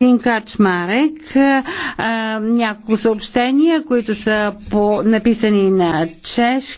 Господин Качмарек, няколко съобщения, които са по, написани на чешки.